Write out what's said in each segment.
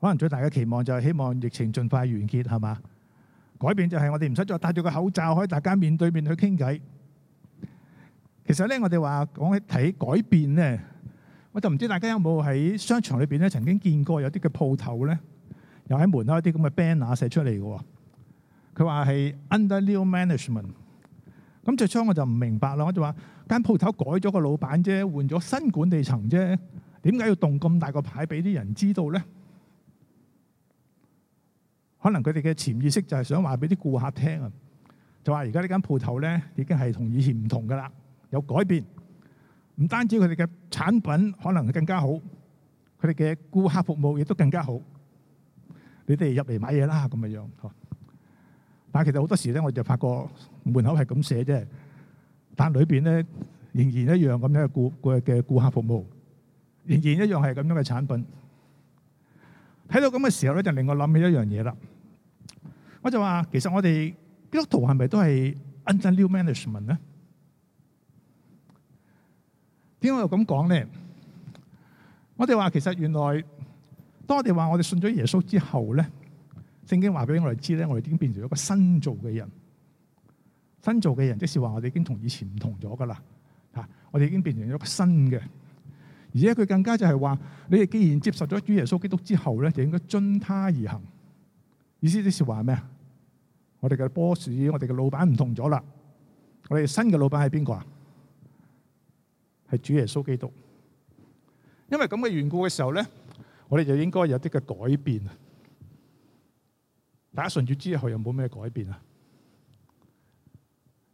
可能最大嘅期望就係希望疫情盡快完結，係嘛？改變就係我哋唔使再戴住個口罩，可以大家面對面去傾偈。其實咧，我哋話講起睇改變咧，我就唔知大家有冇喺商場裏面咧曾經見過有啲嘅鋪頭咧又喺門嗰啲咁嘅 banner 寫出嚟嘅。佢話係 under new management。咁最初我就唔明白啦，我就話間鋪頭改咗個老闆啫，換咗新管理層啫，點解要動咁大個牌俾啲人知道咧？可能佢哋嘅潛意識就係想話俾啲顧客聽啊，就話而家呢間鋪頭咧已經係同以前唔同噶啦，有改變。唔單止佢哋嘅產品可能更加好，佢哋嘅顧客服務亦都更加好。你哋入嚟買嘢啦，咁嘅樣呵。但係其實好多時咧，我就發覺門口係咁寫啫，但係裏邊咧仍然一樣咁樣嘅顧嘅嘅顧客服務，仍然一樣係咁樣嘅產品。睇到咁嘅時候咧，就令我諗起一樣嘢啦。我就話，其實我哋基督徒係咪都係 under new management 咧？點解我又咁講咧？我哋話其實原來，當我哋話我哋信咗耶穌之後咧，聖經話俾我哋知咧，我哋已經變成一個新造嘅人。新造嘅人即是話我哋已經同以前唔同咗噶啦。吓，我哋已經變成一個新嘅，而且佢更加就係話，你哋既然接受咗主耶穌基督之後咧，就應該遵他而行。意思即是話係咩啊？我哋嘅 boss，我哋嘅老闆唔同咗啦。我哋新嘅老闆係邊個啊？係主耶穌基督。因為咁嘅緣故嘅時候咧，我哋就應該有啲嘅改變啊。大家信主之後有冇咩改變啊？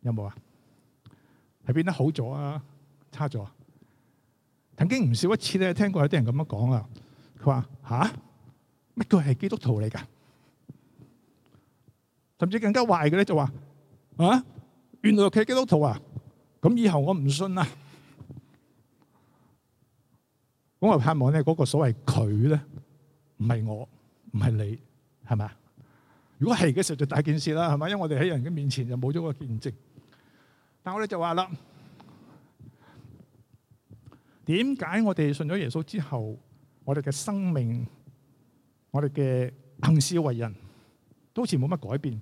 有冇啊？係變得好咗啊？差咗？曾經唔少一次咧，聽過有啲人咁樣講啊。佢話吓乜佢係基督徒嚟噶？甚至更加壞嘅咧，就話啊，原來佢基督徒啊，咁以後我唔信啦。咁我盼望咧，嗰個所謂佢咧，唔係我，唔係你，係咪啊？如果係嘅時候就大件事啦，係咪？因為我哋喺人嘅面前就冇咗個見證。但我哋就話啦，點解我哋信咗耶穌之後，我哋嘅生命，我哋嘅行事為人，都好似冇乜改變？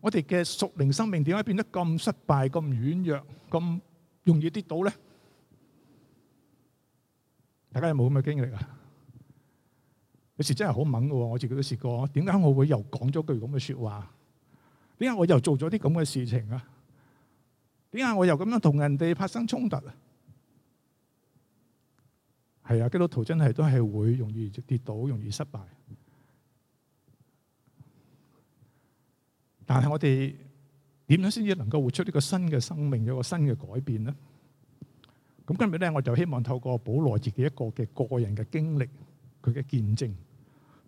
我哋嘅屬靈生命點解變得咁失敗、咁軟弱、咁容易跌倒咧？大家有冇咁嘅經歷啊？有時真係好猛嘅，我自己都試過。點解我會又講咗句咁嘅說話？點解我又做咗啲咁嘅事情啊？點解我又咁樣同人哋發生衝突啊？係啊，基督徒真係都係會容易跌倒、容易失敗。但係我哋點樣先至能夠活出呢個新嘅生命，有個新嘅改變呢？咁今日咧，我就希望透過保羅自己一個嘅個人嘅經歷，佢嘅見證，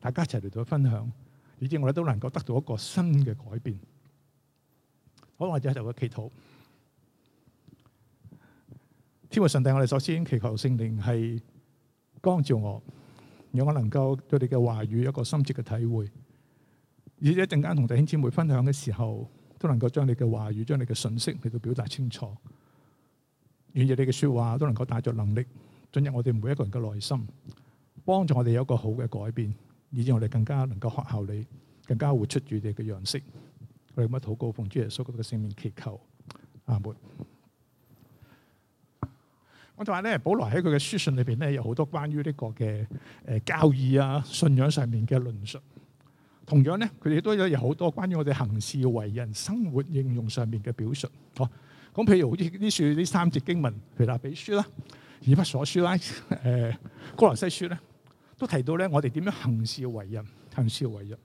大家一齊嚟到分享，以致我哋都能夠得到一個新嘅改變。好，我哋喺度嘅祈禱。天父上帝，我哋首先祈求聖靈係光照我，讓我能夠對你嘅話語有一個深切嘅體會。以一陣間同弟兄姊妹分享嘅時候，都能夠將你嘅話語、將你嘅信息嚟到表達清楚，願意你嘅説話都能夠帶著能力進入我哋每一個人嘅內心，幫助我哋有一個好嘅改變，以致我哋更加能夠學效你，更加活出住你嘅樣式。我哋咁樣禱告奉主耶穌嘅聖名祈求阿門。我哋話咧，保羅喺佢嘅書信裏邊咧，有好多關於呢個嘅誒教義啊、信仰上面嘅論述。同樣咧，佢哋都有有好多關於我哋行事為人、生活應用上面嘅表述，嗬。咁譬如好似呢處呢三節經文，腓立比書啦、以弗所書啦、誒歌羅西書咧，都提到咧我哋點樣行事為人、行事為人。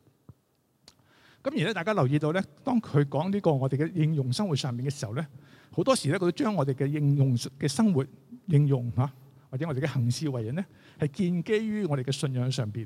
咁而咧，大家留意到咧，當佢講呢個我哋嘅應用生活上面嘅時候咧，好多時咧，佢都將我哋嘅應用嘅生活應用嚇，或者我哋嘅行事為人咧，係建基於我哋嘅信仰上邊。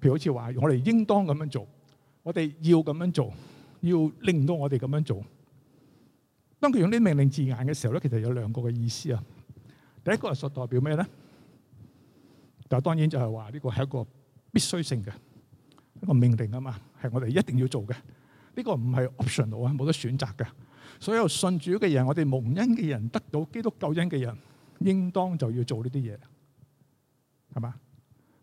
譬如好似話，我哋應當咁樣做，我哋要咁樣做，要令到我哋咁樣做。當佢用啲命令字眼嘅時候咧，其實有兩個嘅意思啊。第一個係實代表咩咧？就當然就係話呢個係一個必須性嘅一個命令啊嘛，係我哋一定要做嘅。呢個唔係 optional 啊，冇得選擇㗎。所有信主嘅人，我哋蒙恩嘅人，得到基督救恩嘅人，應當就要做呢啲嘢，係嘛？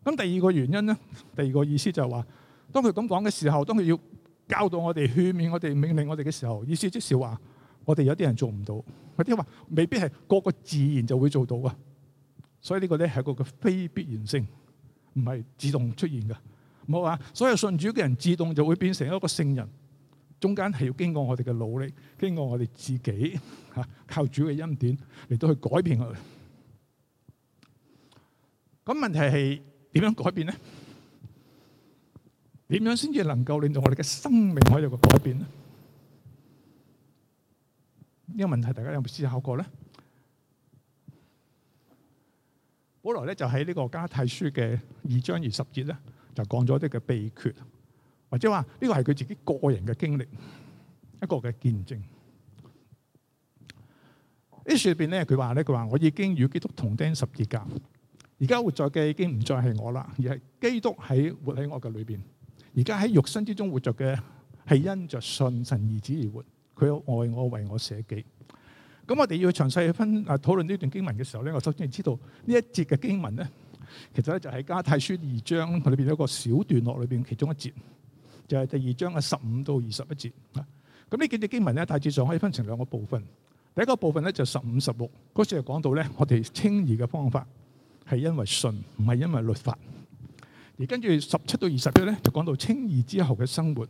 咁第二個原因咧，第二個意思就係話，當佢咁講嘅時候，當佢要教導我哋、勸勉我哋、命令我哋嘅時候，意思即是話，我哋有啲人做唔到，或者話未必係個個自然就會做到噶。所以呢個咧係一個嘅非必然性，唔係自動出現嘅。唔好話，所有信主嘅人自動就會變成一個聖人，中間係要經過我哋嘅努力，經過我哋自己嚇靠主嘅恩典嚟到去改變佢。咁問題係。點樣改變咧？點樣先至能夠令到我哋嘅生命喺度個改變咧？呢個問題大家有冇思考過咧？本來咧就喺呢個加拉太書嘅二章二十節咧，就講咗啲嘅秘訣，或者話呢個係佢自己個人嘅經歷，一個嘅見證。呢書裡邊咧，佢話咧，佢話我已經與基督同釘十字架。現在而家活在嘅已經唔再係我啦，而係基督喺活喺我嘅裏邊。而家喺肉身之中活着嘅係因着信神兒子而活。佢有愛我，為我捨己。咁我哋要詳細去分啊討論呢段經文嘅時候咧，我首先要知道呢一節嘅經文咧，其實咧就係加太書二章佢裏邊有一個小段落裏邊其中一節就係、是、第二章嘅十五到二十一節啊。咁呢幾節經文咧大致上可以分成兩個部分。第一個部分咧就十五十六嗰時係講到咧我哋稱義嘅方法。係因為信，唔係因為律法。而跟住十七到二十一節咧，就講到稱義之後嘅生活，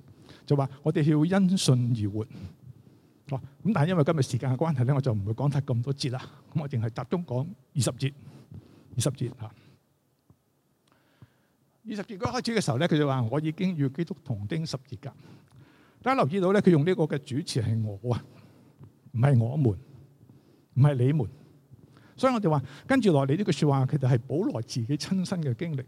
就話我哋要因信而活。咁但係因為今日時間嘅關係咧，我就唔會講太咁多節啦。咁我淨係集中講二十節，二十節吓。二十節嗰開始嘅時候咧，佢就話我已經與基督同釘十字架。大家留意到咧，佢用呢個嘅主詞係我，唔係我們，唔係你們。所以我哋話，跟住落嚟呢句説話，其實係保羅自己親身嘅經歷，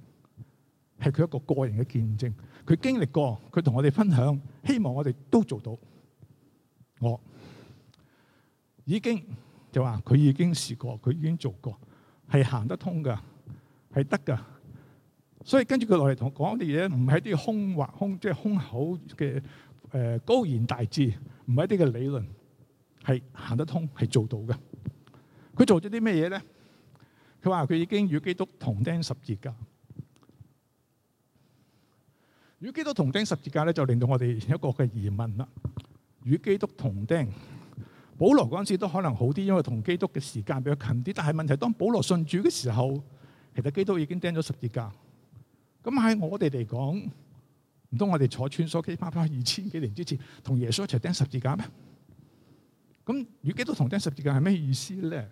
係佢一個個人嘅見證。佢經歷過，佢同我哋分享，希望我哋都做到。我已經就話，佢已經試過，佢已經做過，係行得通㗎，係得㗎。所以跟住佢落嚟同我講啲嘢，唔係啲空話、空即係空口嘅誒高言大志，唔係啲嘅理論，係行得通、係做到嘅。佢做咗啲咩嘢咧？佢話佢已經與基督同釘十字架。與基督同釘十字架咧，就令到我哋有一個嘅疑問啦。與基督同釘，保羅嗰陣時都可能好啲，因為同基督嘅時間比較近啲。但係問題是當保羅信主嘅時候，其實基督已經釘咗十字架。咁喺我哋嚟講，唔通我哋坐穿梭機翻翻二千幾年之前，同耶穌一齊釘十字架咩？咁與基督同釘十字架係咩意思咧？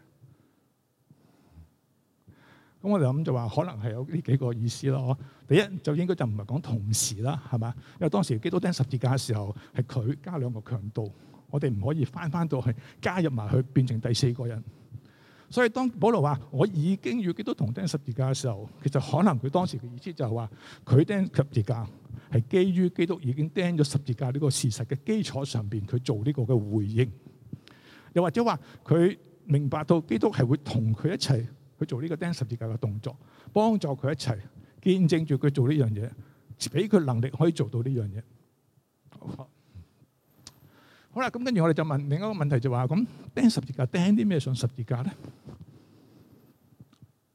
咁我哋諗就話，可能係有呢幾個意思咯。第一就應該就唔係講同時啦，係嘛？因為當時基督釘十字架嘅時候，係佢加兩個強盜，我哋唔可以翻翻到去加入埋去，變成第四個人。所以當保羅話我已經與基督同釘十字架嘅時候，其實可能佢當時嘅意思就係、是、話，佢釘十字架係基於基督已經釘咗十字架呢個事實嘅基礎上邊，佢做呢個嘅回應。又或者話佢明白到基督係會同佢一齊。佢做呢個釘十字架嘅動作，幫助佢一齊見證住佢做呢樣嘢，俾佢能力可以做到呢樣嘢。好啦，咁跟住我哋就問另一個問題，就話咁釘十字架釘啲咩上十字架咧？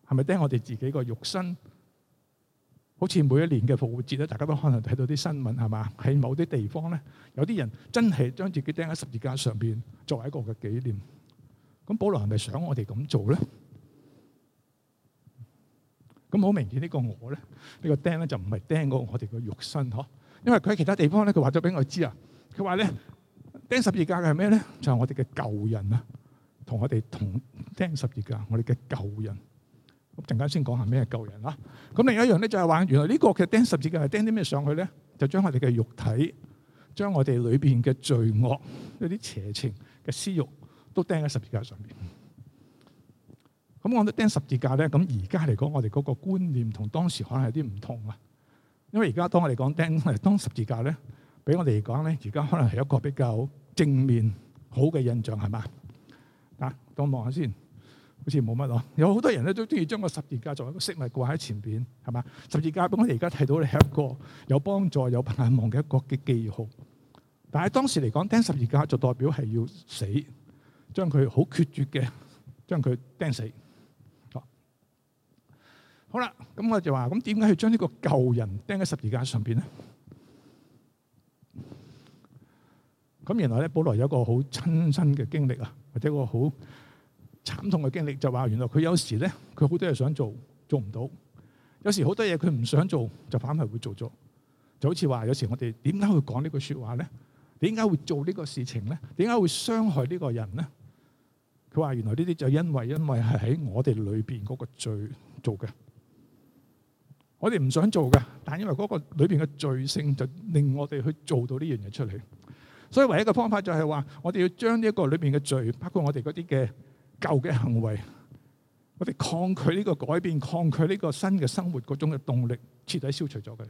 係咪釘我哋自己個肉身？好似每一年嘅復活節咧，大家都可能睇到啲新聞，係嘛？喺某啲地方咧，有啲人真係將自己釘喺十字架上邊作為一個嘅紀念。咁保羅係咪想我哋咁做咧？咁好明顯這，呢個我鶉咧，呢個釘咧就唔係釘過我哋個肉身嗬，因為佢喺其他地方咧，佢話咗俾我知啊，佢話咧釘十字架嘅係咩咧？就係我哋嘅舊人啊，同我哋同釘十字架，我哋嘅舊人。咁陣間先講下咩係舊人啦。咁另一樣咧就係話，原來呢個嘅釘十字架係、就是、釘啲咩、就是、上去咧？就將我哋嘅肉體，將我哋裏邊嘅罪惡、有啲邪情嘅私欲，都釘喺十字架上邊。咁我覺得釘十字架咧，咁而家嚟講，我哋嗰個觀念同當時可能係啲唔同啊。因為而家當我哋講釘，當十字架咧，俾我哋嚟講咧，而家可能係一個比較正面好嘅印象，係嘛？啊，當望下先，好似冇乜咯。有好多人咧都中意將個十字架作為一個飾物掛喺前邊，係嘛？十字架俾我哋而家睇到你係一個有幫助、有盼望嘅一個嘅記號。但係當時嚟講，釘十字架就代表係要死，將佢好決絕嘅，將佢釘死。好啦，咁我就話，咁點解要將呢個舊人釘喺十字架上邊咧？咁原來咧，保羅有個好親身嘅經歷啊，或者個好慘痛嘅經歷，就話原來佢有時咧，佢好多嘢想做，做唔到；有時好多嘢佢唔想做，就反係會做咗。就好似話，有時我哋點解會講呢句說話咧？點解會做呢個事情咧？點解會傷害呢個人咧？佢話原來呢啲就因為因為係喺我哋裏邊嗰個罪做嘅。我哋唔想做嘅，但因為嗰個裏邊嘅罪性就令我哋去做到呢樣嘢出嚟，所以唯一嘅方法就係話，我哋要將呢一個裏邊嘅罪，包括我哋嗰啲嘅舊嘅行為，我哋抗拒呢個改變，抗拒呢個新嘅生活嗰種嘅動力，徹底消除咗佢，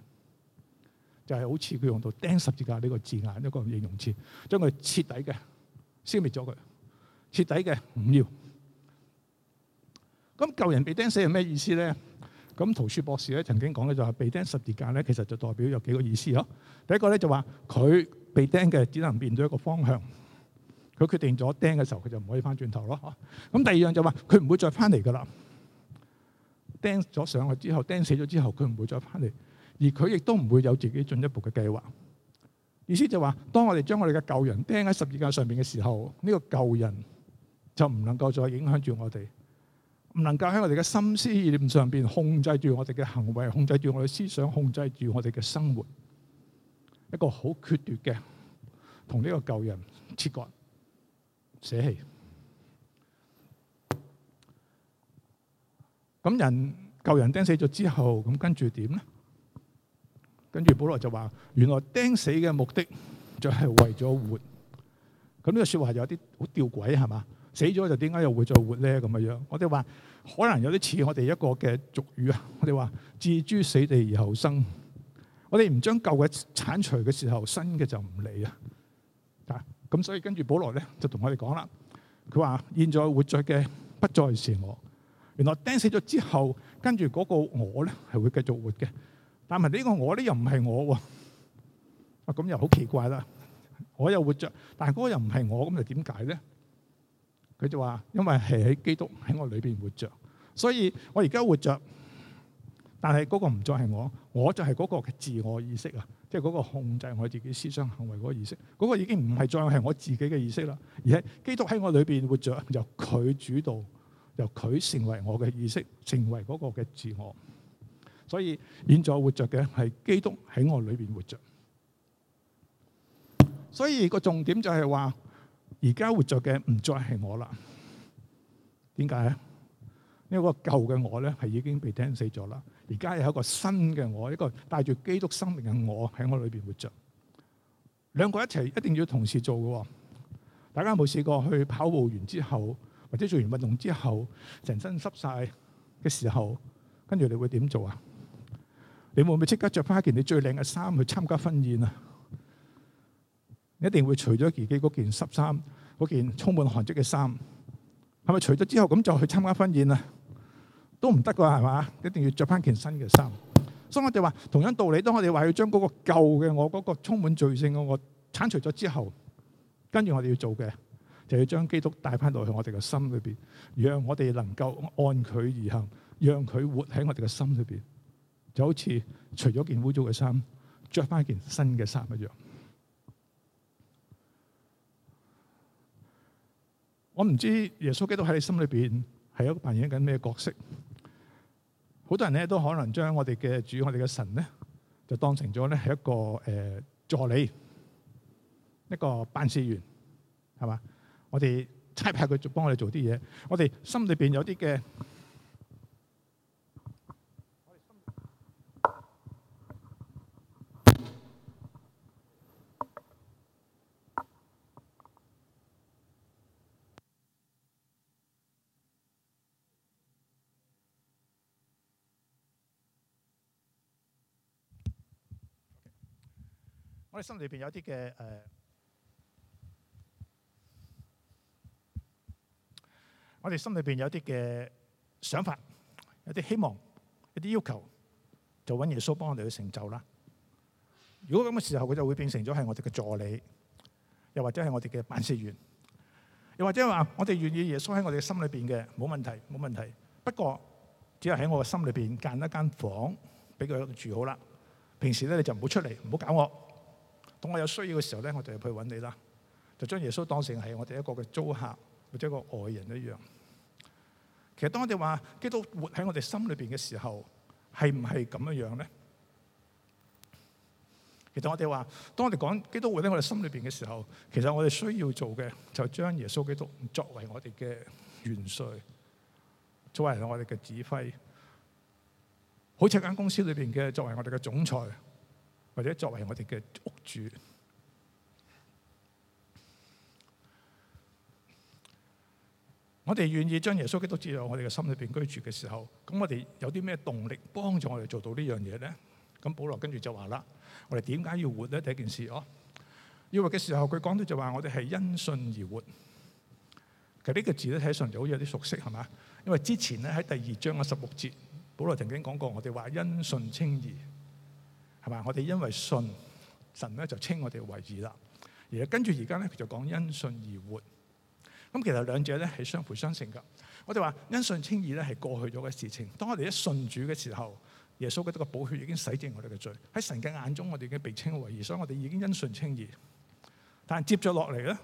就係好似佢用到釘十字架呢個字眼一個形容詞，將佢徹底嘅消滅咗佢，徹底嘅唔要。咁舊人被釘死係咩意思咧？咁圖書博士咧曾經講嘅就係被釘十字架咧，其實就代表有幾個意思咯。第一個咧就話佢被釘嘅只能變咗一個方向，佢決定咗釘嘅時候，佢就唔可以返轉頭咯。咁第二樣就話佢唔會再返嚟㗎喇。釘咗上去之後，釘死咗之後，佢唔會再返嚟，而佢亦都唔會有自己進一步嘅計劃。意思就話，當我哋將我哋嘅舊人釘喺十字架上面嘅時候，呢個舊人就唔能夠再影響住我哋。唔能夠喺我哋嘅心思意念上邊控制住我哋嘅行為，控制住我哋思想，控制住我哋嘅生活，一個好決絕嘅同呢個舊人切割、捨棄。咁人舊人釘死咗之後，咁跟住點咧？跟住保羅就話：原來釘死嘅目的就係為咗活。咁、這、呢個說話係有啲好吊詭，係嘛？死咗就點解又會再活咧？咁樣樣，我哋話可能有啲似我哋一個嘅俗語啊。我哋話置諸死地而後生。我哋唔將舊嘅剷除嘅時候，新嘅就唔理啊。啊，咁所以跟住保羅咧就同我哋講啦。佢話現在活著嘅不再是我。原來釘死咗之後，跟住嗰個我咧係會繼續活嘅。但係呢個我咧又唔係我喎。啊，咁又好奇怪啦！我又活著，但係嗰個又唔係我，咁又點解咧？佢就話，因為係喺基督喺我裏邊活着，所以我而家活着，但係嗰個唔再係我，我就係嗰個嘅自我意識啊，即係嗰個控制我自己思想行為嗰個意識，嗰個已經唔係再係我自己嘅意識啦，而係基督喺我裏邊活着，由佢主導，由佢成為我嘅意識，成為嗰個嘅自我。所以現在活着嘅係基督喺我裏邊活着。所以個重點就係話。而家活着嘅唔再係我啦，點解咧？呢個舊嘅我咧，係已經被釘死咗啦。而家有一個新嘅我，一個帶住基督生命嘅我喺我裏邊活着。兩個一齊一定要同時做嘅。大家有冇試過去跑步完之後，或者做完運動之後，成身濕晒嘅時候，跟住你會點做啊？你會唔會即刻着翻一件你最靚嘅衫去參加婚宴啊？一定會除咗自己嗰件濕衫，嗰件充滿汗漬嘅衫，係咪除咗之後咁就去參加婚宴啊？都唔得噶，係嘛？一定要着翻件新嘅衫。所以我哋話同樣道理，當我哋話要將嗰個舊嘅我，嗰個充滿罪性嘅我剷除咗之後，跟住我哋要做嘅，就要將基督帶翻到去我哋嘅心裡邊，讓我哋能夠按佢而行，讓佢活喺我哋嘅心裡邊，就好似除咗件污糟嘅衫，着翻件新嘅衫一樣。我唔知耶穌基督喺你心裏邊係一個扮演緊咩角色？好多人咧都可能將我哋嘅主、我哋嘅神咧，就當成咗咧係一個誒、呃、助理，一個辦事員，係嘛？我哋差派佢做幫我哋做啲嘢，我哋心裏邊有啲嘅，心裏邊有啲嘅誒，我哋心裏邊有啲嘅想法，有啲希望，有啲要求，就揾耶穌幫我哋去成就啦。如果咁嘅時候，佢就會變成咗係我哋嘅助理，又或者係我哋嘅辦事員，又或者話我哋願意耶穌喺我哋嘅心裏邊嘅，冇問題，冇問題。不過，只係喺我嘅心裏邊間一間房俾佢住好啦。平時咧你就唔好出嚟，唔好搞我。等我有需要嘅時候咧，我就入去揾你啦。就將耶穌當成係我哋一個嘅租客或者一個外人一樣。其實當我哋話基督活喺我哋心裏邊嘅時候，係唔係咁樣樣咧？其實我哋話，當我哋講基督活喺我哋心裏邊嘅時候，其實我哋需要做嘅就將耶穌基督作為我哋嘅元帥，作為我哋嘅指揮，好似間公司裏邊嘅作為我哋嘅總裁。或者作為我哋嘅屋主，我哋願意將耶穌基督置喺我哋嘅心裏邊居住嘅時候，咁我哋有啲咩動力幫助我哋做到這件事呢樣嘢咧？咁保羅跟住就話啦：我哋點解要活咧？第一件事哦，要活嘅時候，佢講到就話我哋係因信而活。其實呢個字咧睇上就好似有啲熟悉係嘛？因為之前咧喺第二章嘅十六節，保羅曾經講過，我哋話因信稱義。係嘛？我哋因為信神咧，就稱我哋為義啦。而跟住而家咧，佢就講因信而活。咁其實兩者咧係相輔相成㗎。我哋話因信稱義咧係過去咗嘅事情。當我哋一信主嘅時候，耶穌嘅嗰個寶血已經洗淨我哋嘅罪。喺神嘅眼中，我哋已經被稱為義，所以我哋已經因信稱義。但係接咗落嚟咧，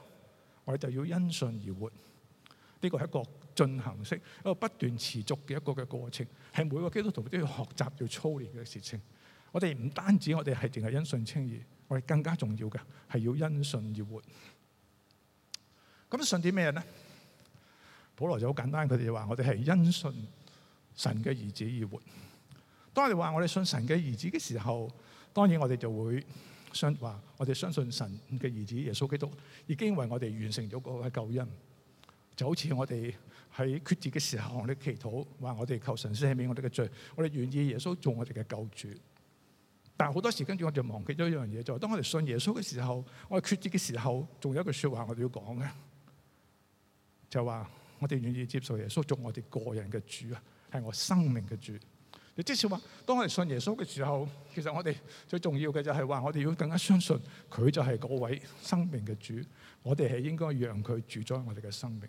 我哋就要因信而活。呢個係一個進行式，一個不斷持續嘅一個嘅過程，係每個基督徒都要學習要操練嘅事情。我哋唔單止我哋係淨係因信稱義，我哋更加重要嘅係要因信而活。咁信啲咩咧？保羅就好簡單，佢哋話我哋係因信神嘅兒子而活。當我哋話我哋信神嘅兒子嘅時候，當然我哋就會信話我哋相信神嘅兒子耶穌基督已經為我哋完成咗嗰個救恩。就好似我哋喺決志嘅時候，我哋祈禱話我哋求神赦免我哋嘅罪，我哋願意耶穌做我哋嘅救主。但係好多時跟住我就忘記咗一樣嘢，就係當我哋信耶穌嘅時候，我哋決志嘅時候，仲有一句說話我哋要講嘅，就話我哋願意接受耶穌做我哋個人嘅主啊，係我生命嘅主。亦即是話，當我哋信耶穌嘅時候，其實我哋最重要嘅就係話，我哋要更加相信佢就係嗰位生命嘅主，我哋係應該讓佢主宰我哋嘅生命。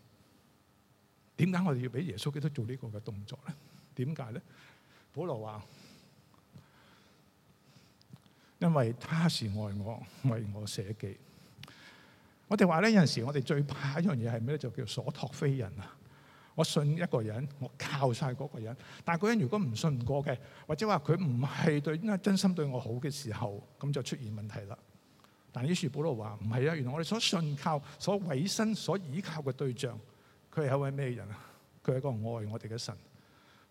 點解我哋要俾耶穌基督做呢個嘅動作咧？點解咧？保羅話。因為他是愛我，為我捨己。我哋話咧，有陣時我哋最怕一樣嘢係咩咧？就叫所托非人啊！我信一個人，我靠晒嗰個人，但嗰個人如果唔信唔過嘅，或者話佢唔係對真心對我好嘅時候，咁就出現問題啦。但係呢處，保羅話唔係啊，原來我哋所信靠、所委身、所依靠嘅對象，佢係一位咩人啊？佢係一個愛我哋嘅神，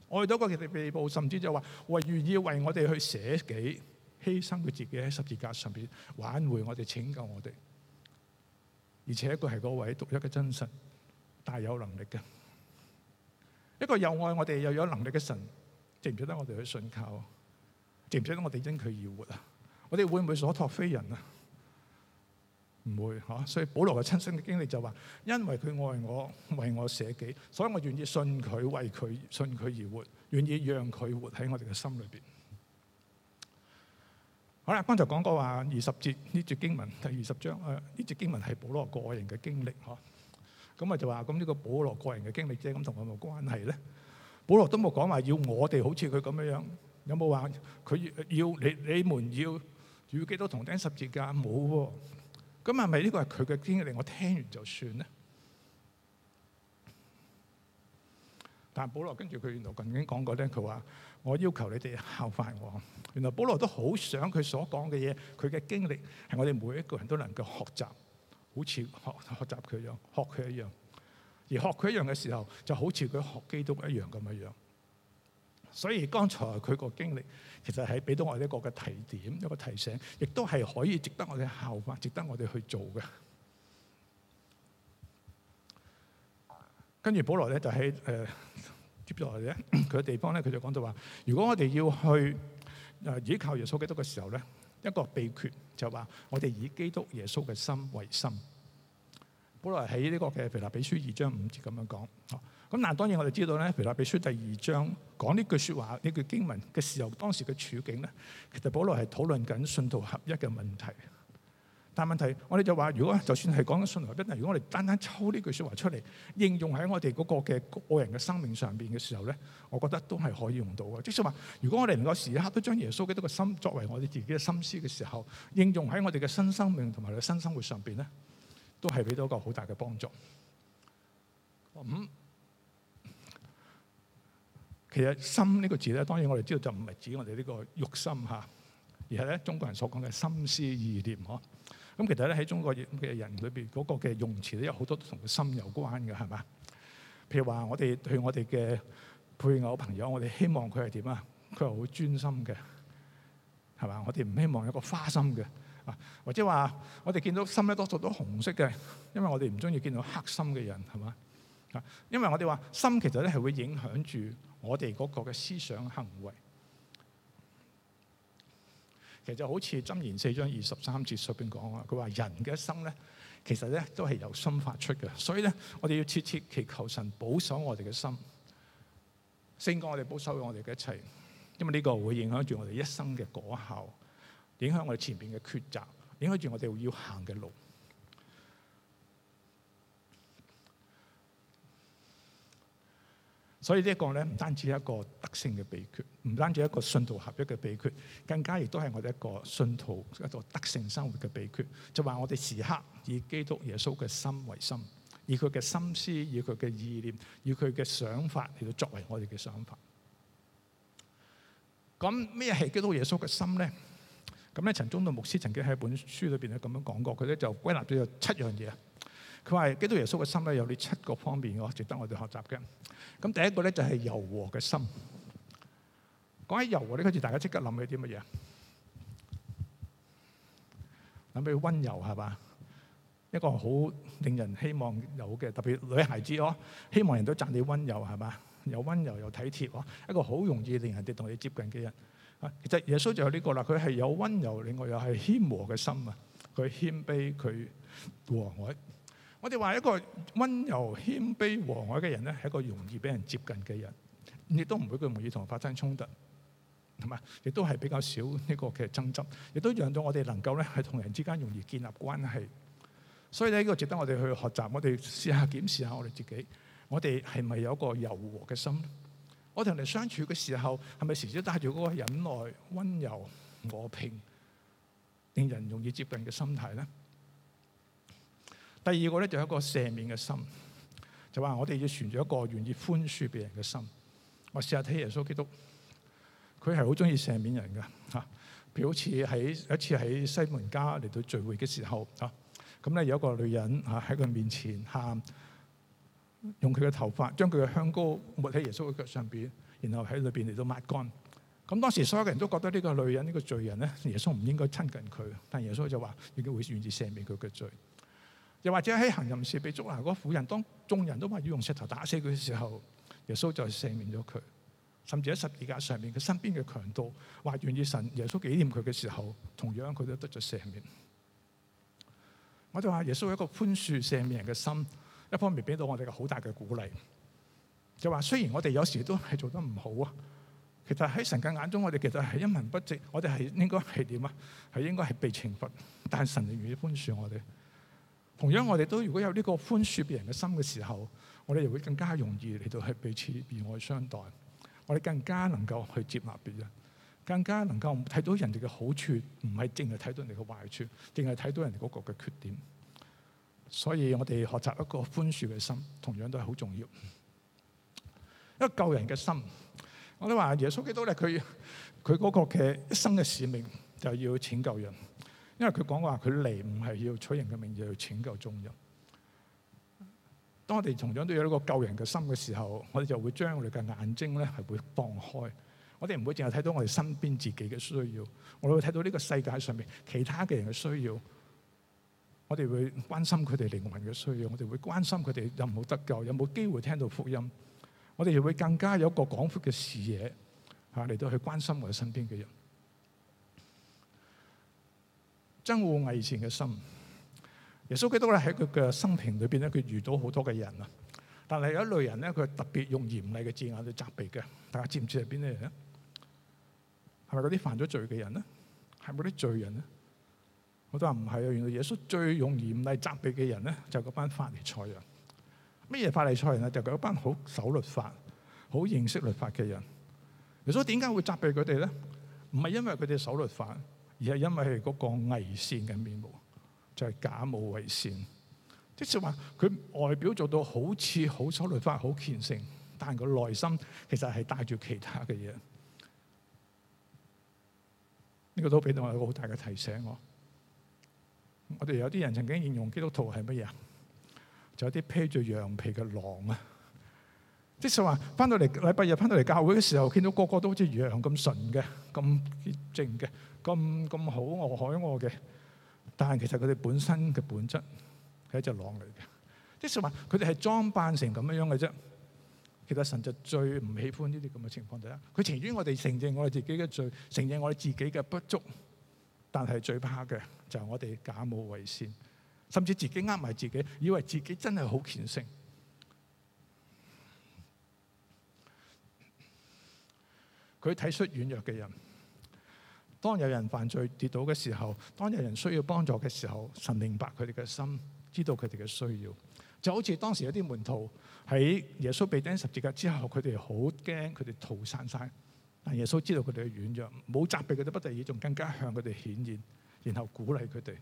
愛到個其實被捕，甚至就話我願意為我哋去捨己。犧牲佢自己喺十字架上邊挽回我哋、拯救我哋，而且佢係個位獨一嘅真神，大有能力嘅一個又愛我哋又有能力嘅神，值唔值得我哋去信靠？值唔值得我哋因佢而活啊？我哋會唔會所託非人啊？唔會吓，所以保羅嘅親身嘅經歷就話：因為佢愛我、為我捨己，所以我願意信佢、為佢、信佢而活，願意讓佢活喺我哋嘅心裏邊。好啦，剛才講過話二十節呢節經文，第二十章啊，呢節經文係保羅個人嘅經歷嗬。咁啊就話咁呢個保羅個人嘅經歷，即係咁同我有冇關係咧？保羅都冇講話要我哋好似佢咁樣樣，有冇話佢要你你們要要基督同釘十字架？冇。咁係咪呢個係佢嘅經歷？我聽完就算咧。但係保羅跟住佢原來曾經講過咧，佢話。我要求你哋效法我。原來保羅都好想佢所講嘅嘢，佢嘅經歷係我哋每一個人都能夠學習，好似學學習佢一樣，學佢一樣。而學佢一樣嘅時候，就好似佢學基督一樣咁嘅樣。所以剛才佢個經歷其實係俾到我哋一個嘅提點，一個提醒，亦都係可以值得我哋效法，值得我哋去做嘅。跟住保羅咧就喺誒。呃接落嚟咧，佢嘅地方咧，佢就講到話：如果我哋要去誒倚靠耶穌基督嘅時候咧，一個秘訣就話我哋以基督耶穌嘅心為心。保羅喺呢個嘅腓立比書二章五節咁樣講。咁嗱，當然我哋知道咧，腓立比書第二章講呢句説話、呢句經文嘅時候，當時嘅處境咧，其實保羅係討論緊信徒合一嘅問題。但問題，我哋就話，如果就算係講緊信來跟，但係如果我哋單單抽呢句説話出嚟，應用喺我哋嗰個嘅個人嘅生命上邊嘅時候咧，我覺得都係可以用到嘅。即係話，如果我哋能夠時刻都將耶穌基督嘅心作為我哋自己嘅心思嘅時候，應用喺我哋嘅新生命同埋我哋嘅新生活上邊咧，都係俾到一個好大嘅幫助。咁、嗯、其實心呢個字咧，當然我哋知道就唔係指我哋呢個肉心吓，而係咧中國人所講嘅心思意念呵。咁其實咧喺中國嘅人裏邊，嗰個嘅用詞都有好多同心有關嘅，係嘛？譬如話，我哋對我哋嘅配偶朋友，我哋希望佢係點啊？佢係好專心嘅，係嘛？我哋唔希望有個花心嘅，或者話我哋見到心咧多數都紅色嘅，因為我哋唔中意見到黑心嘅人，係嘛？啊，因為我哋話心其實咧係會影響住我哋嗰個嘅思想行為。其實就好似箴言四章二十三節上面講啊，佢話人嘅一生咧，其實咧都係由心發出嘅，所以咧我哋要切切祈求神保守我哋嘅心，勝過我哋保守我哋嘅一切，因為呢個會影響住我哋一生嘅果效，影響我哋前面嘅抉擇，影響住我哋要行嘅路。所以呢一個咧唔單止一個德性嘅秘訣，唔單止一個信徒合一嘅秘訣，更加亦都係我哋一個信徒一個德性生活嘅秘訣，就話我哋時刻以基督耶穌嘅心為心，以佢嘅心思，以佢嘅意念，以佢嘅想法嚟到作為我哋嘅想法。咁咩係基督耶穌嘅心咧？咁咧陳終道牧師曾經喺本書裏邊咧咁樣講過，佢咧就歸納咗有七樣嘢。佢話：基督耶穌嘅心咧，有呢七個方面，喎，值得我哋學習嘅。咁第一個咧就係柔和嘅心。講起柔和咧，跟住大家即刻諗起啲乜嘢？諗起温柔係嘛？一個好令人希望有嘅，特別女孩子哦，希望人都讚你温柔係嘛？又温柔又體貼哦，一個好容易令人哋同你接近嘅人。其實耶穌就有呢個啦，佢係有温柔，另外又係謙和嘅心啊。佢謙卑，佢和藹。我哋話一個温柔、謙卑、和藹嘅人咧，係一個容易俾人接近嘅人，亦都唔會咁容易同人發生衝突，同埋亦都係比較少呢個嘅爭執，亦都讓到我哋能夠咧係同人之間容易建立關係。所以咧，呢個值得我哋去學習。我哋試下檢視下我哋自己，我哋係咪有一個柔和嘅心？我同人哋相處嘅時候，係咪時時帶住嗰個忍耐、温柔、和平，令人容易接近嘅心態咧？第二個咧就係一個赦免嘅心，就話我哋要存住一個願意寬恕別人嘅心。我試下睇耶穌基督，佢係好中意赦免人嘅吓。譬如好似喺一次喺西門家嚟到聚會嘅時候吓，咁咧有一個女人吓喺佢面前喊，用佢嘅頭髮將佢嘅香膏抹喺耶穌嘅腳上邊，然後喺裏邊嚟到抹乾。咁當時所有嘅人都覺得呢個女人呢個罪人咧，耶穌唔應該親近佢。但係耶穌就話：已經會願意赦免佢嘅罪。又或者喺行淫時被捉拿嗰婦人，當眾人都話要用石頭打死佢嘅時候，耶穌就赦免咗佢。甚至喺十字架上面，佢身邊嘅強盜話願意神耶穌紀念佢嘅時候，同樣佢都得咗赦免。我就話耶穌一個寬恕赦免人嘅心，一方面俾到我哋好大嘅鼓勵。就話雖然我哋有時都係做得唔好啊，其實喺神嘅眼中，我哋其實係一文不值。我哋係應該係點啊？係應該係被懲罰，但係神願意寬恕我哋。同樣，我哋都如果有呢個寬恕別人嘅心嘅時候，我哋就會更加容易嚟到去彼此以愛相待。我哋更加能夠去接納別人，更加能夠睇到人哋嘅好處，唔係淨係睇到人哋嘅壞處，淨係睇到人哋嗰個嘅缺點。所以我哋學習一個寬恕嘅心，同樣都係好重要。一個救人嘅心，我哋話耶穌基督咧，佢佢嗰個嘅一生嘅使命，就要拯救人。因為佢講話，佢嚟，唔係要取人嘅性命，要拯救眾人。當我哋同樣都有一個救人嘅心嘅時候，我哋就會將我哋嘅眼睛咧係會放開。我哋唔會淨係睇到我哋身邊自己嘅需要，我哋會睇到呢個世界上面其他嘅人嘅需要。我哋會關心佢哋靈魂嘅需要，我哋會關心佢哋有冇得救，有冇機會聽到福音。我哋亦會更加有一個廣闊嘅視野，吓嚟，到去關心我哋身邊嘅人。真護偽善嘅心，耶穌基督咧喺佢嘅生平裏邊咧，佢遇到好多嘅人啊。但係有一類人咧，佢特別用嚴厲嘅字眼去責備嘅。大家知唔知係邊啲人咧？係咪嗰啲犯咗罪嘅人咧？係咪啲罪人咧？我都話唔係啊。原來耶穌最用嚴厲責備嘅人咧，就係嗰班法利賽人。乜嘢法利賽人啊？就係嗰班好守律法、好認識律法嘅人。耶穌點解會責備佢哋咧？唔係因為佢哋守律法。而係因為佢嗰個偽善嘅面目，就係、是、假冒偽善，即係話佢外表做到好似好守律法，好虔誠，但佢內心其實係帶住其他嘅嘢。呢、這個都俾到我一個好大嘅提醒。我我哋有啲人曾經形容基督徒係乜嘢？就有啲披著羊皮嘅狼啊！即係話翻到嚟禮拜日，翻到嚟教會嘅時候，見到個個都好似羊咁純嘅，咁潔淨嘅。咁咁好我海我嘅，但係其實佢哋本身嘅本質係一隻狼嚟嘅。即係話佢哋係裝扮成咁樣樣嘅啫。其實神就最唔喜歡呢啲咁嘅情況。第一，佢情願我哋承認我哋自己嘅罪，承認我哋自己嘅不足。但係最怕嘅就係我哋假冒為善，甚至自己呃埋自己，以為自己真係好虔誠。佢睇出軟弱嘅人。當有人犯罪跌倒嘅時候，當有人需要幫助嘅時候，神明白佢哋嘅心，知道佢哋嘅需要。就好似當時有啲門徒喺耶穌被釘十字架之後，佢哋好驚，佢哋逃散晒。但耶穌知道佢哋嘅軟弱，冇責備佢哋，不得已仲更加向佢哋顯現，然後鼓勵佢哋。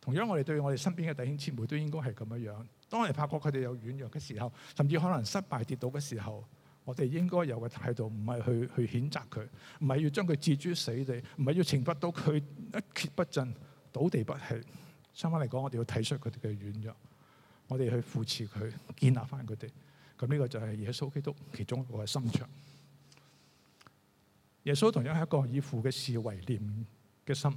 同樣，我哋對我哋身邊嘅弟兄姊妹都應該係咁樣樣。當我哋發覺佢哋有軟弱嘅時候，甚至可能失敗跌倒嘅時候，我哋應該有嘅態度，唔係去去譴責佢，唔係要將佢置諸死地，唔係要懲罰到佢一蹶不振、倒地不起。相反嚟講，我哋要睇出佢哋嘅軟弱，我哋去扶持佢、建立翻佢哋。咁、這、呢個就係耶穌基督其中一個心腸。耶穌同樣係一個以父嘅事為念嘅心。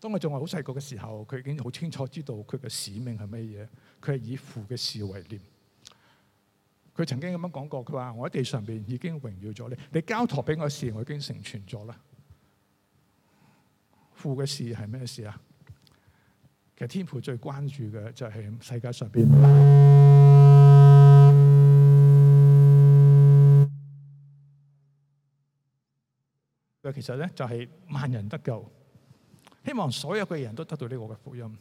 當佢仲係好細個嘅時候，佢已經好清楚知道佢嘅使命係咩嘢。佢係以父嘅事為念。佢曾經咁樣講過，佢話：我喺地上邊已經榮耀咗你，你交託俾我嘅事，我已經成全咗啦。父嘅事係咩事啊？其實天父最關注嘅就係世界上邊，其實咧就係萬人得救，希望所有嘅人都得到呢個嘅福音。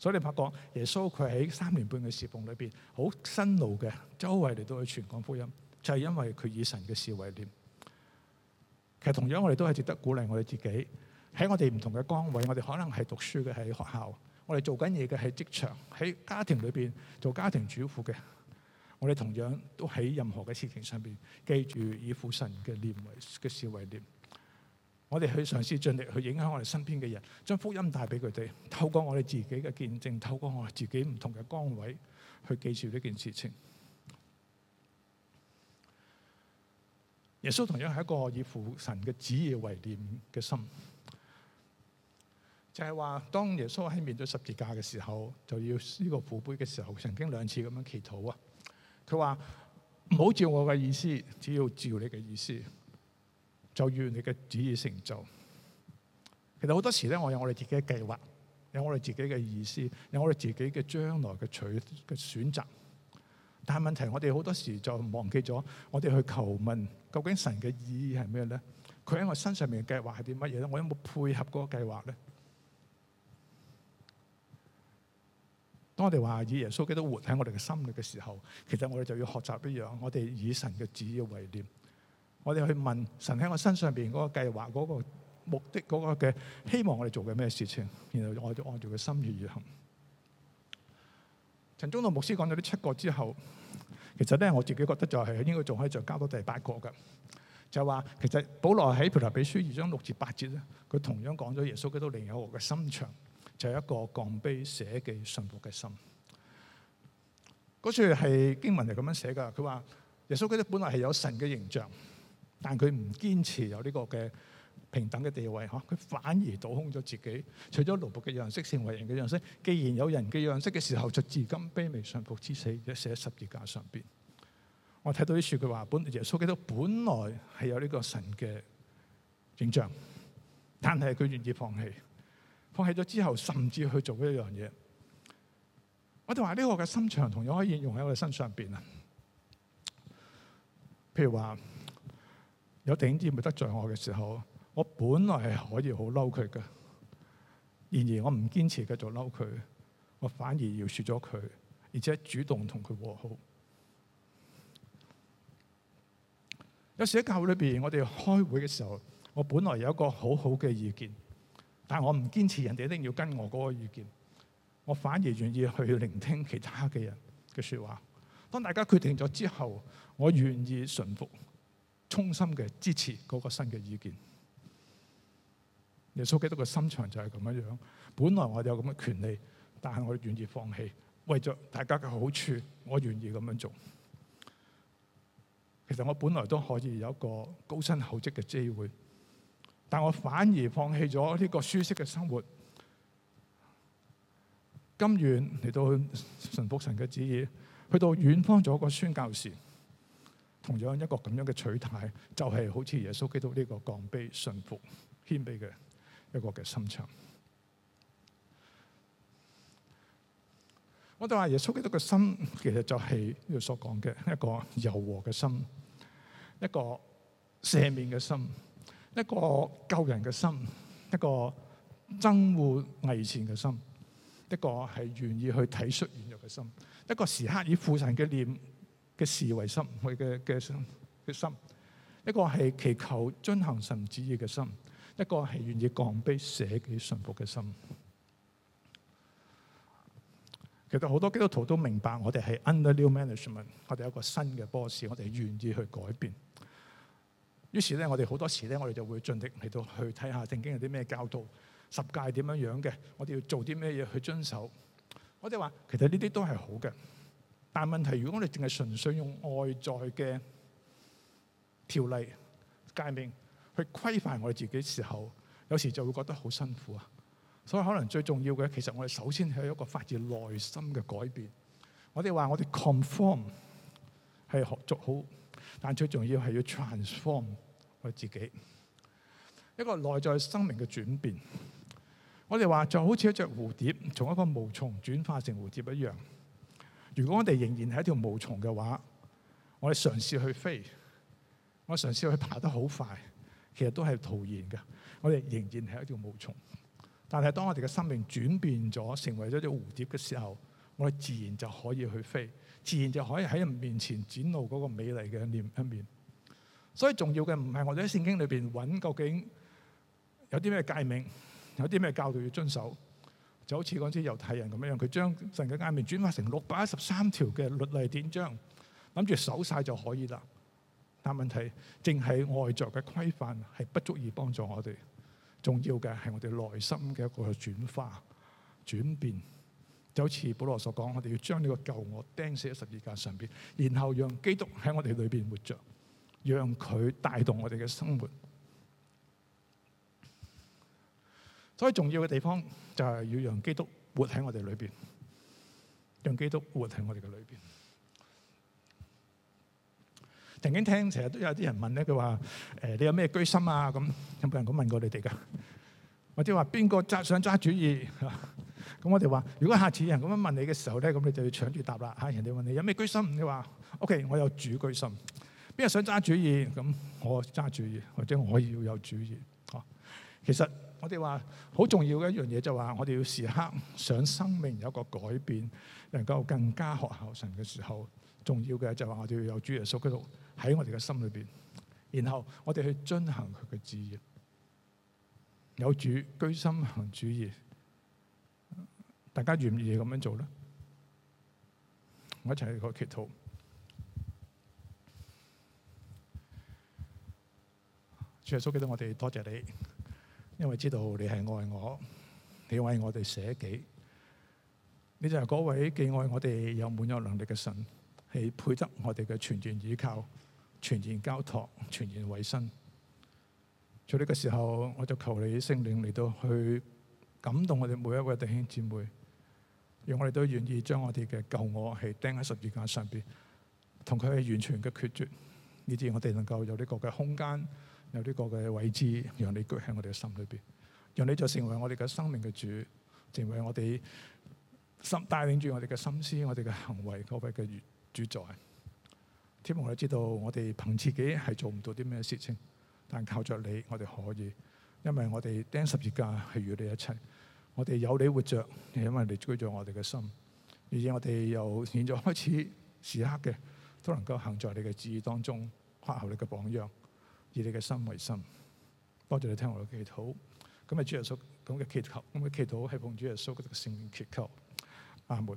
所以你發覺，耶穌佢喺三年半嘅侍奉裏邊，好辛勞嘅，周圍嚟到去傳講福音，就係、是、因為佢以神嘅事為念。其實同樣我哋都係值得鼓勵我哋自己，喺我哋唔同嘅崗位，我哋可能係讀書嘅喺學校，我哋做緊嘢嘅喺職場，喺家庭裏邊做家庭主婦嘅，我哋同樣都喺任何嘅事情上邊，記住以父神嘅念為嘅事為念。我哋去嘗試盡力去影響我哋身邊嘅人，將福音帶俾佢哋，透過我哋自己嘅見證，透過我哋自己唔同嘅崗位去記住呢件事情。耶穌同樣係一個以父神嘅旨意為念嘅心，就係話當耶穌喺面對十字架嘅時候，就要呢個苦杯嘅時候，曾經兩次咁樣祈禱啊！佢話唔好照我嘅意思，只要照你嘅意思。有願你嘅旨意成就。其實好多時咧，我有我哋自己嘅計劃，有我哋自己嘅意思，有我哋自己嘅將來嘅取嘅選擇。但係問題，我哋好多時就忘記咗，我哋去求問，究竟神嘅意義係咩咧？佢喺我身上面嘅計劃係啲乜嘢咧？我有冇配合嗰個計劃咧？當我哋話以耶穌基督活喺我哋嘅心裏嘅時候，其實我哋就要學習一樣，我哋以神嘅旨意為念。我哋去問神喺我身上邊嗰個計劃、嗰、那個目的、嗰、那個嘅希望，我哋做嘅咩事情？然後我哋就按住佢心意而行。陳忠同牧師講咗啲七個之後，其實咧我自己覺得就係應該仲可以再加多第八個嘅。就話、是、其實保羅喺《腓立比書》二章六至八節咧，佢同樣講咗耶穌基督另有我嘅心腸，就係、是、一個降卑捨己、信服嘅心。嗰處係經文係咁樣寫噶，佢話耶穌基督本來係有神嘅形象。但佢唔堅持有呢個嘅平等嘅地位，嚇、啊、佢反而倒空咗自己。除咗奴僕嘅樣式，成為人嘅樣式。既然有人嘅樣式嘅時候，就自己卑微順服之死，就寫喺十字架上邊。我睇到啲説句話，本耶穌基督本來係有呢個神嘅形象，但係佢願意放棄。放棄咗之後，甚至去做一樣嘢。我哋話呢個嘅心腸同樣可以用喺我哋身上邊啊。譬如話。有頂知咪得罪我嘅時候，我本來係可以好嬲佢嘅，然而我唔堅持繼續嬲佢，我反而饒恕咗佢，而且主動同佢和好。有時喺教會裏邊，我哋開會嘅時候，我本來有一個好好嘅意見，但我唔堅持人哋一定要跟我嗰個意見，我反而願意去聆聽其他嘅人嘅説話。當大家決定咗之後，我願意順服。衷心嘅支持嗰、那個新嘅意見，耶穌基督嘅心腸就係咁樣樣。本來我有咁嘅權利，但係我願意放棄，為咗大家嘅好處，我願意咁樣做。其實我本來都可以有一個高薪厚職嘅機會，但我反而放棄咗呢個舒適嘅生活，甘願嚟到去順服神嘅旨意，去到遠方做一個宣教士。同樣一個咁樣嘅取態，就係、是、好似耶穌基督呢個降卑、順服、謙卑嘅一個嘅心腸。我哋話耶穌基督嘅心，其實就係呢度所講嘅一個柔和嘅心，一個赦免嘅心，一個救人嘅心，一個憎惡偽善嘅心，一個係願意去體恤軟弱嘅心，一個時刻以父神嘅念。嘅侍衛心，佢嘅嘅嘅心；一個係祈求遵行神旨意嘅心，一個係願意降卑捨己、順服嘅心。其實好多基督徒都明白，我哋係 under new management，我哋有一個新嘅 boss，我哋願意去改變。於是咧，我哋好多時咧，我哋就會盡力嚟到去睇下聖經有啲咩教導，十誡點樣樣嘅，我哋要做啲咩嘢去遵守。我哋話，其實呢啲都係好嘅。但問題，如果我哋淨係純粹用外在嘅條例界面去規範我哋自己嘅時候，有時就會覺得好辛苦啊！所以可能最重要嘅，其實我哋首先係一個發自內心嘅改變。我哋話我哋 conform 係學做好，但最重要係要 transform 我自己，一個內在生命嘅轉變。我哋話就好似一隻蝴蝶，從一個毛蟲轉化成蝴蝶一樣。如果我哋仍然係一條毛蟲嘅話，我哋嘗試去飛，我哋嘗試去爬得好快，其實都係徒然嘅。我哋仍然係一條毛蟲，但係當我哋嘅生命轉變咗，成為咗隻蝴蝶嘅時候，我哋自然就可以去飛，自然就可以喺人面前展露嗰個美麗嘅一面。所以重要嘅唔係我哋喺聖經裏邊揾究竟有啲咩誡命，有啲咩教導要遵守。就好似嗰啲猶太人咁樣樣，佢將神嘅誡命轉化成六百一十三條嘅律例典章，諗住守晒就可以啦。但問題正係外在嘅規範係不足以幫助我哋，重要嘅係我哋內心嘅一個轉化、轉變。就好似保羅所講，我哋要將呢個舊我釘死喺十字架上邊，然後讓基督喺我哋裏邊活著，讓佢帶動我哋嘅生活。所以重要嘅地方，就係、是、要讓基督活喺我哋裏邊，讓基督活喺我哋嘅裏邊。曾經聽成日都有啲人問咧，佢話：誒、欸，你有咩居心啊？咁有冇人咁問過你哋噶？或者話邊個揸想揸主意？咁我哋話：如果下次有人咁樣問你嘅時候咧，咁你就要搶住答啦。吓，人哋問你有咩居心，你話：O K，我有主居心。邊個想揸主意？咁我揸主意，或者我要有主意。吓，其實。我哋話好重要嘅一樣嘢，就話我哋要時刻想生命有一個改變，能夠更加學效神嘅時候，重要嘅就話我哋要有主耶穌基督喺我哋嘅心裏邊，然後我哋去遵行佢嘅旨意。有主居心行主意，大家願唔願意咁樣做咧？我一齊去個祈禱。主耶穌基督我們，我哋多謝你。因為知道你係愛我，你為我哋捨己，你就係嗰位既愛我哋又滿有能力嘅神，係配得我哋嘅全然依靠、全然交託、全然委身。在呢個時候，我就求你聖靈嚟到去感動我哋每一位弟兄姊妹，讓我哋都願意將我哋嘅舊我係釘喺十字架上邊，同佢係完全嘅決絕，以至我哋能夠有呢個嘅空間。有呢個嘅位置，讓你居喺我哋嘅心裏邊，讓你就成為我哋嘅生命嘅主，成為我哋心帶領住我哋嘅心思、我哋嘅行為，各位嘅主宰。希望我哋知道，我哋憑自己係做唔到啲咩事情，但靠着你，我哋可以，因為我哋釘十字架係與你一齊，我哋有你活着，係因為你居咗我哋嘅心，而且我哋由現在開始時刻嘅都能夠行在你嘅旨意當中，誇口你嘅榜樣。以你嘅心為心，多謝你聽我嘅祈禱。咁啊，主耶穌，咁嘅祈求，咁嘅祈禱，係奉主耶穌嘅聖名祈求，阿門。